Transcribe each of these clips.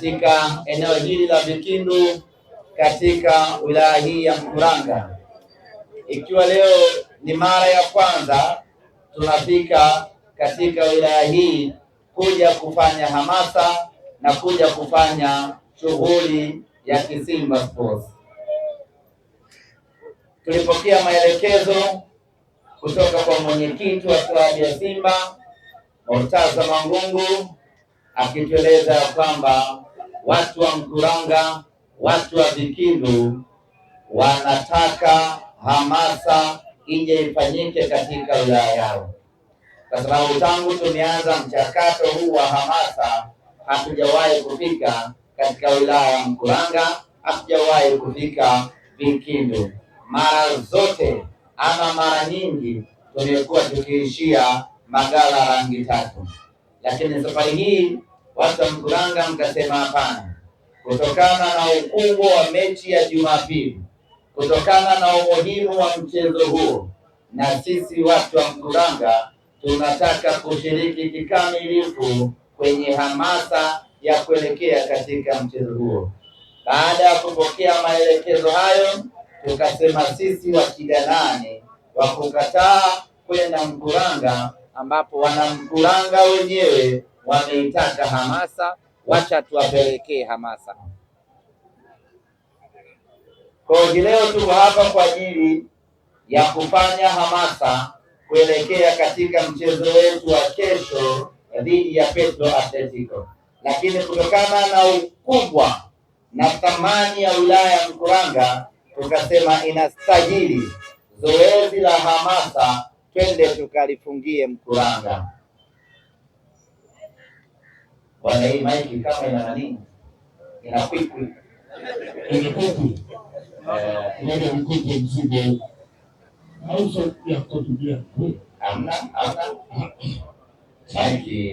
katika eneo hili la Vikindu katika wilaya hii ya Mkuranga, ikiwa leo ni mara ya kwanza tunafika katika wilaya hii kuja kufanya hamasa na kuja kufanya shughuli ya Kisimba Sports. Tulipokea maelekezo kutoka kwa mwenyekiti wa klabu ya Simba Murtaza Mangungu akitueleza kwamba watu wa Mkuranga, watu wa Vikindu wanataka hamasa ije ifanyike katika wilaya yao, kwa sababu tangu tumeanza mchakato huu wa hamasa hatujawahi kufika katika wilaya ya Mkuranga, hatujawahi kufika Vikindu. Mara zote ama mara nyingi tumekuwa tukiishia magala rangi tatu, lakini safari hii mkuranga mkasema hapana, kutokana na ukubwa wa mechi ya Jumapili, kutokana na umuhimu wa mchezo huo, na sisi watu wa Mkuranga tunataka kushiriki kikamilifu kwenye hamasa ya kuelekea katika mchezo huo. Baada ya kupokea maelekezo hayo, tukasema sisi wakidanani wa kukataa kwenda Mkuranga, ambapo wana Mkuranga wenyewe wameitaka hamasa, wacha tuwapelekee hamasa. Kwa hiyo leo tuko hapa kwa ajili ya kufanya hamasa kuelekea katika mchezo wetu wa kesho dhidi ya Petro Atletico, lakini kutokana na ukubwa na thamani ya wilaya ya Mkuranga tukasema inastahili zoezi la hamasa, twende tukalifungie Mkuranga. Bwana, hii maiki kama ina nani, ina kwikwi wale mkopo mzigo auzo ya kutulia amna amna maiki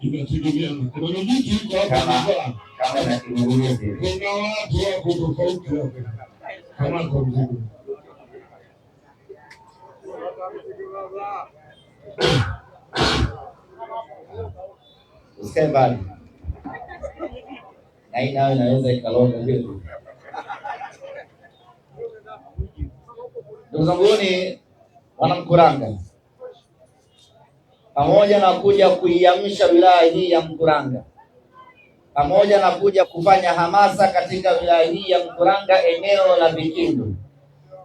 inategemeana. Kuna miti iko hapo kama na kiunguruzi, kuna watu wako tofauti hapo kama kwa mzigo usikae mbali na hii nayo inaweza ikaloga vile. Ndugu wanamkuranga, pamoja na kuja kuiamsha wilaya hii ya Mkuranga, pamoja na kuja kufanya hamasa katika wilaya hii ya Mkuranga, eneo la Vikindu,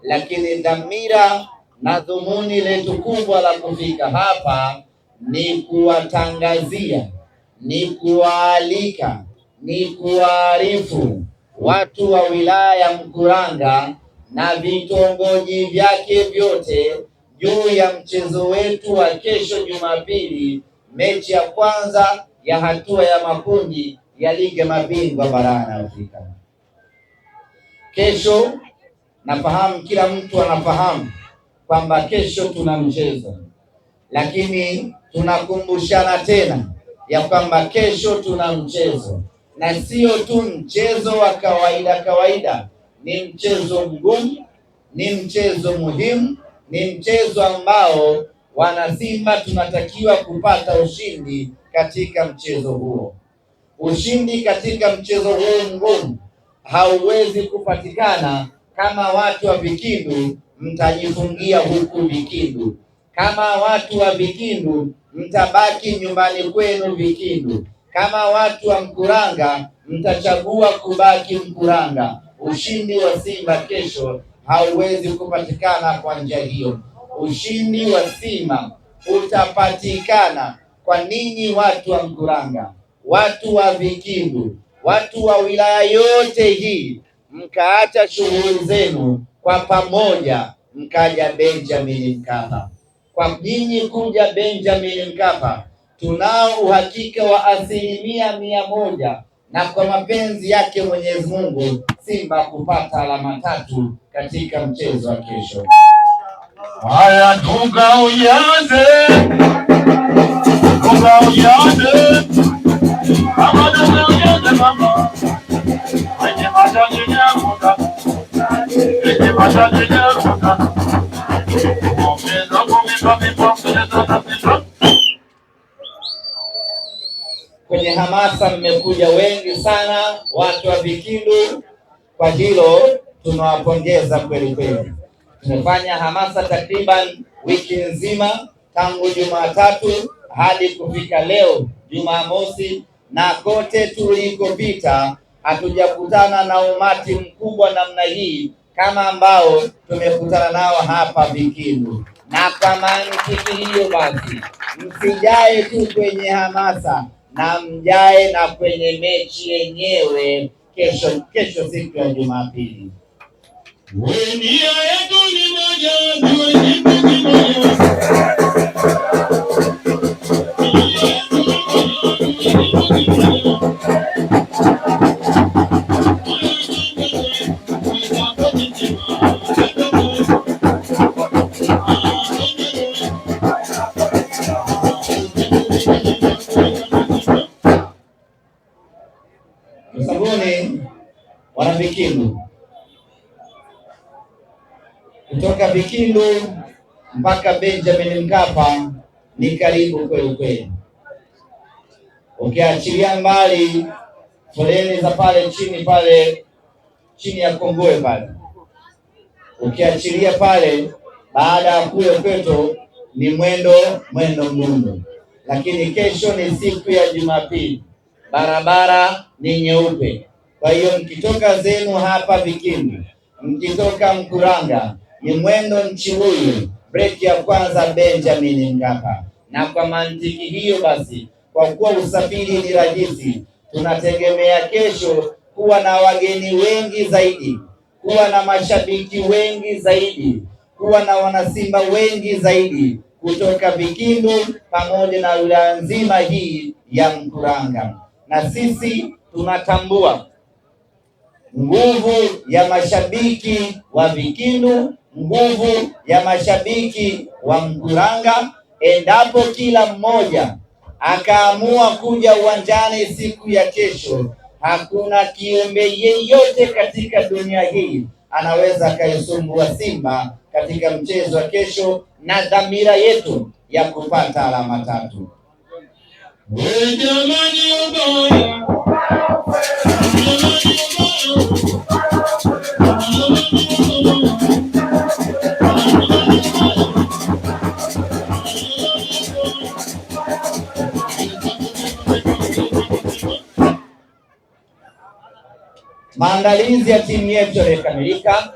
lakini dhamira na dhumuni letu kubwa la kufika hapa ni kuwatangazia ni kuwaalika, ni kuwaarifu watu wa wilaya ya Mkuranga na vitongoji vyake vyote juu ya mchezo wetu wa kesho Jumapili, mechi ya kwanza ya hatua ya makundi ya ligi ya mabingwa barani Afrika kesho. Nafahamu kila mtu anafahamu kwamba kesho tuna mchezo, lakini tunakumbushana tena ya kwamba kesho tuna mchezo, na sio tu mchezo wa kawaida kawaida. Ni mchezo mgumu, ni mchezo muhimu, ni mchezo ambao wanasimba tunatakiwa kupata ushindi katika mchezo huo. Ushindi katika mchezo huo mgumu hauwezi kupatikana kama watu wa Vikindu mtajifungia huku Vikindu, kama watu wa Vikindu mtabaki nyumbani kwenu Vikindu. Kama watu wa Mkuranga, mtachagua kubaki Mkuranga. Ushindi wa Simba kesho hauwezi kupatikana kwa njia hiyo. Ushindi wa Simba utapatikana kwa ninyi watu wa Mkuranga, watu wa Vikindu, watu wa wilaya yote hii, mkaacha shughuli zenu kwa pamoja, mkaja Benjamin Mkapa kwa mjini kuja Benjamin Mkapa, tunao uhakika wa asilimia mia moja na kwa mapenzi yake Mwenyezi Mungu Simba kupata alama tatu katika mchezo wa kesho. Haya, tukaujaze tukaujaze hamasa mmekuja wengi sana, watu wa Vikindu. Kwa hilo tunawapongeza kweli kweli. Tumefanya hamasa takriban wiki nzima tangu Jumatatu hadi kufika leo Jumamosi, na kote tulikopita hatujakutana na umati mkubwa namna hii kama ambao tumekutana nao hapa Vikindu. Na kwa mantiki hiyo basi, msijae tu kwenye hamasa na mjae na kwenye mechi yenyewe kesho, kesho siku ya Jumapili. Msogoni wana Vikindu, kutoka Vikindu mpaka Benjamin Mkapa ni karibu kweli kweli, ukiachilia mbali foleni za pale chini pale chini ya Kongowe pale ukiachilia pale baada ya kule kwetu ni mwendo mwendo mdundo, lakini kesho ni siku ya Jumapili barabara ni nyeupe. Kwa hiyo mkitoka zenu hapa Vikimbi, mkitoka Mkuranga, ni mwendo Mchibuyu, breki ya kwanza Benjamin Mkapa. Na kwa mantiki hiyo basi, kwa kuwa usafiri ni rahisi, tunategemea kesho kuwa na wageni wengi zaidi, kuwa na mashabiki wengi zaidi, kuwa na wanasimba wengi zaidi kutoka Vikindu pamoja na wilaya nzima hii ya Mkuranga na sisi tunatambua nguvu ya mashabiki wa Vikindu, nguvu ya mashabiki wa Mkuranga. Endapo kila mmoja akaamua kuja uwanjani siku ya kesho, hakuna kiumbe yeyote katika dunia hii anaweza akaisumbua Simba katika mchezo wa kesho na dhamira yetu ya kupata alama tatu. Maandalizi ya timu yetu yamekamilika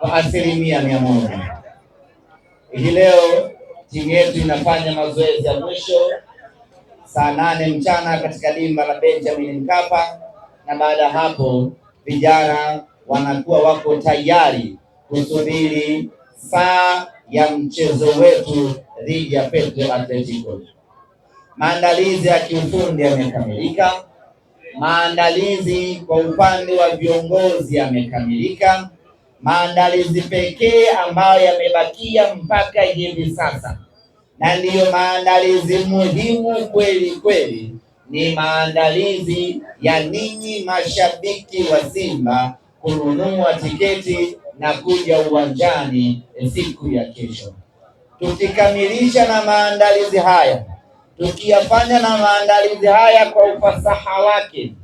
kwa asilimia mia moja. Hii leo timu yetu inafanya mazoezi ya mwisho saa nane mchana katika dimba la Benjamin Mkapa, na baada ya hapo vijana wanakuwa wako tayari kusubiri saa ya mchezo wetu dhidi ya Petro Atletico. Maandalizi ya kiufundi yamekamilika, maandalizi kwa upande wa viongozi yamekamilika. Maandalizi pekee ambayo yamebakia mpaka hivi sasa na ndiyo maandalizi muhimu kweli kweli, ni maandalizi ya ninyi mashabiki wa Simba kununua tiketi na kuja uwanjani siku ya kesho. Tukikamilisha na maandalizi haya, tukiyafanya na maandalizi haya kwa ufasaha wake,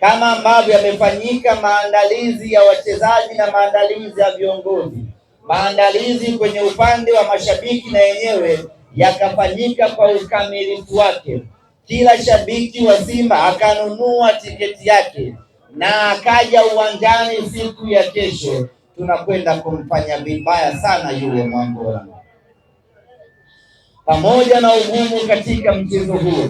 kama ambavyo yamefanyika maandalizi ya wachezaji na maandalizi ya viongozi Maandalizi kwenye upande wa mashabiki na yenyewe yakafanyika kwa ukamilifu wake. Kila shabiki wa Simba akanunua tiketi yake na akaja uwanjani siku ya kesho. Tunakwenda kumfanya vibaya sana yule Mwambola. Pamoja na ugumu katika mchezo huo,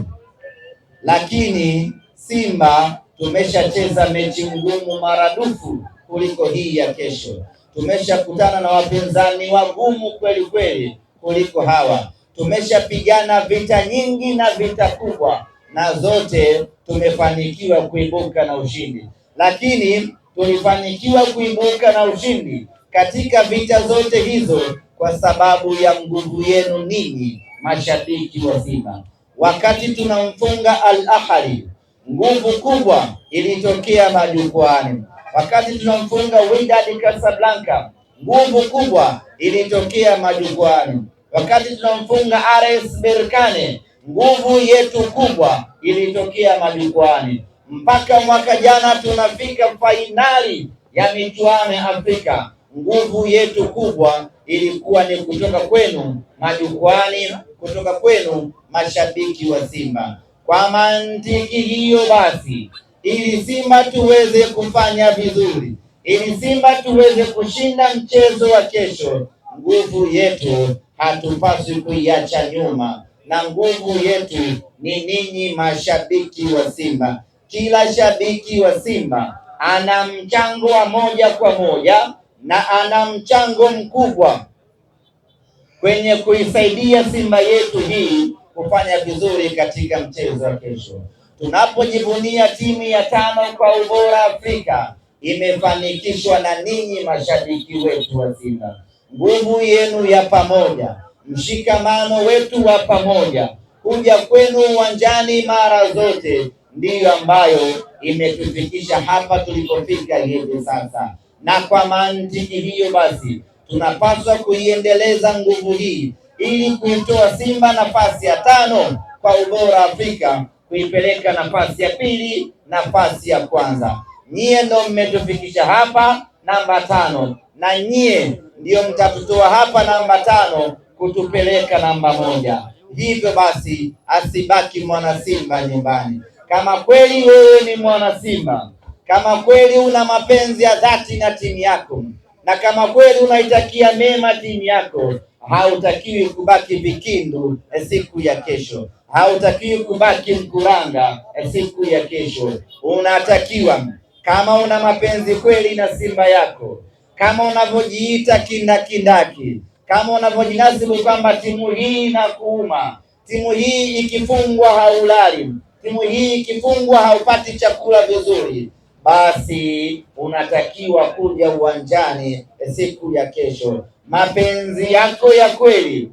lakini Simba tumeshacheza mechi ngumu maradufu kuliko hii ya kesho tumeshakutana na wapinzani wagumu kweli kweli kuliko hawa. Tumeshapigana vita nyingi na vita kubwa, na zote tumefanikiwa kuibuka na ushindi. Lakini tulifanikiwa kuibuka na ushindi katika vita zote hizo kwa sababu ya nguvu yenu ninyi mashabiki wa Simba. Wakati tunamfunga Al Ahly, nguvu kubwa ilitokea majukwaani wakati tunamfunga Wydad Casablanca, nguvu kubwa ilitokea majukwani Wakati tunamfunga RS Berkane, nguvu yetu kubwa ilitokea majukwani Mpaka mwaka jana tunafika fainali ya michuano ya Afrika, nguvu yetu kubwa ilikuwa ni kutoka kwenu majukwani, kutoka kwenu mashabiki wa Simba. Kwa mantiki hiyo basi ili Simba tuweze kufanya vizuri, ili Simba tuweze kushinda mchezo wa kesho. Nguvu yetu hatupaswi kuiacha nyuma, na nguvu yetu ni ninyi mashabiki wa Simba. Kila shabiki wa Simba ana mchango wa moja kwa moja na ana mchango mkubwa kwenye kuisaidia Simba yetu hii kufanya vizuri katika mchezo wa kesho tunapojivunia timu ya tano kwa ubora Afrika imefanikishwa na ninyi mashabiki wetu wa Simba. Nguvu yenu ya pamoja, mshikamano wetu wa pamoja, kuja kwenu uwanjani mara zote ndiyo ambayo imetufikisha hapa tulipofika hivi sasa, na kwa mantiki hiyo basi tunapaswa kuiendeleza nguvu hii ili kuitoa Simba nafasi ya tano kwa ubora Afrika kuipeleka nafasi ya pili, nafasi ya kwanza. Nyie ndo mmetufikisha hapa namba tano, na nyie ndiyo mtatutoa hapa namba tano kutupeleka namba moja. Hivyo basi, asibaki mwana Simba nyumbani. Kama kweli wewe ni mwana Simba, kama kweli una mapenzi ya dhati na timu yako, na kama kweli unaitakia mema timu yako, hautakiwi kubaki vikindu siku ya kesho hautakiwi kubaki mkuranga siku ya kesho. Unatakiwa kama una mapenzi kweli na Simba yako, kama unavyojiita kindakindaki, kama unavyojinasibu kwamba timu hii na kuuma, timu hii ikifungwa haulali, timu hii ikifungwa haupati chakula vizuri, basi unatakiwa kuja uwanjani siku ya kesho. Mapenzi yako ya kweli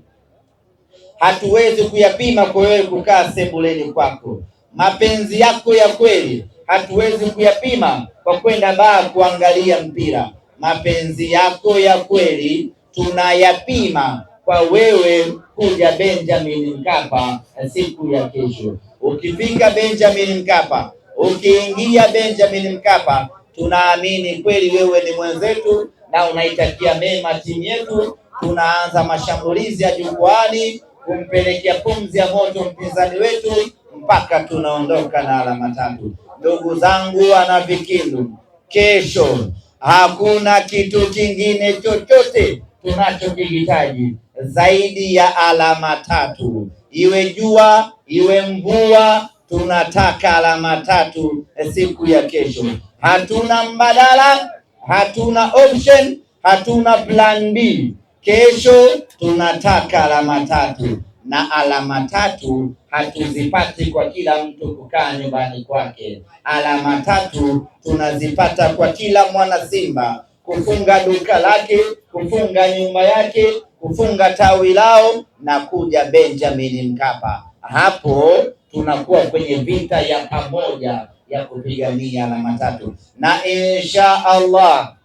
hatuwezi kuyapima kwa wewe kukaa sebuleni kwako. Mapenzi yako ya kweli hatuwezi kuyapima kwa kwenda baa kuangalia mpira. Mapenzi yako ya kweli tunayapima kwa wewe kuja Benjamin Mkapa siku ya kesho. Ukifika Benjamin Mkapa, ukiingia Benjamin Mkapa, tunaamini kweli wewe ni mwenzetu na unaitakia mema timu yetu. Tunaanza mashambulizi ya jukwaani kumpelekea pumzi ya moto mpinzani wetu mpaka tunaondoka na alama tatu. Ndugu zangu wana Vikindu, kesho hakuna kitu kingine chochote tunachokihitaji zaidi ya alama tatu, iwe jua iwe mvua, tunataka alama tatu siku ya kesho. Hatuna mbadala, hatuna option, hatuna plan B. Kesho tunataka alama tatu, na alama tatu hatuzipati kwa kila mtu kukaa nyumbani kwake. Alama tatu tunazipata kwa kila mwana Simba kufunga duka lake, kufunga nyumba yake, kufunga tawi lao na kuja Benjamin Mkapa. Hapo tunakuwa kwenye vita ya pamoja ya kupigania alama tatu, na insha Allah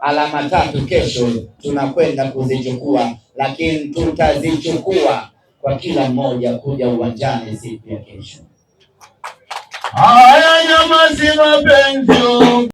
alama tatu kesho tunakwenda kuzichukua, lakini tutazichukua kwa kila mmoja kuja uwanjani siku ya kesho. Haya, nyamazi mapenzi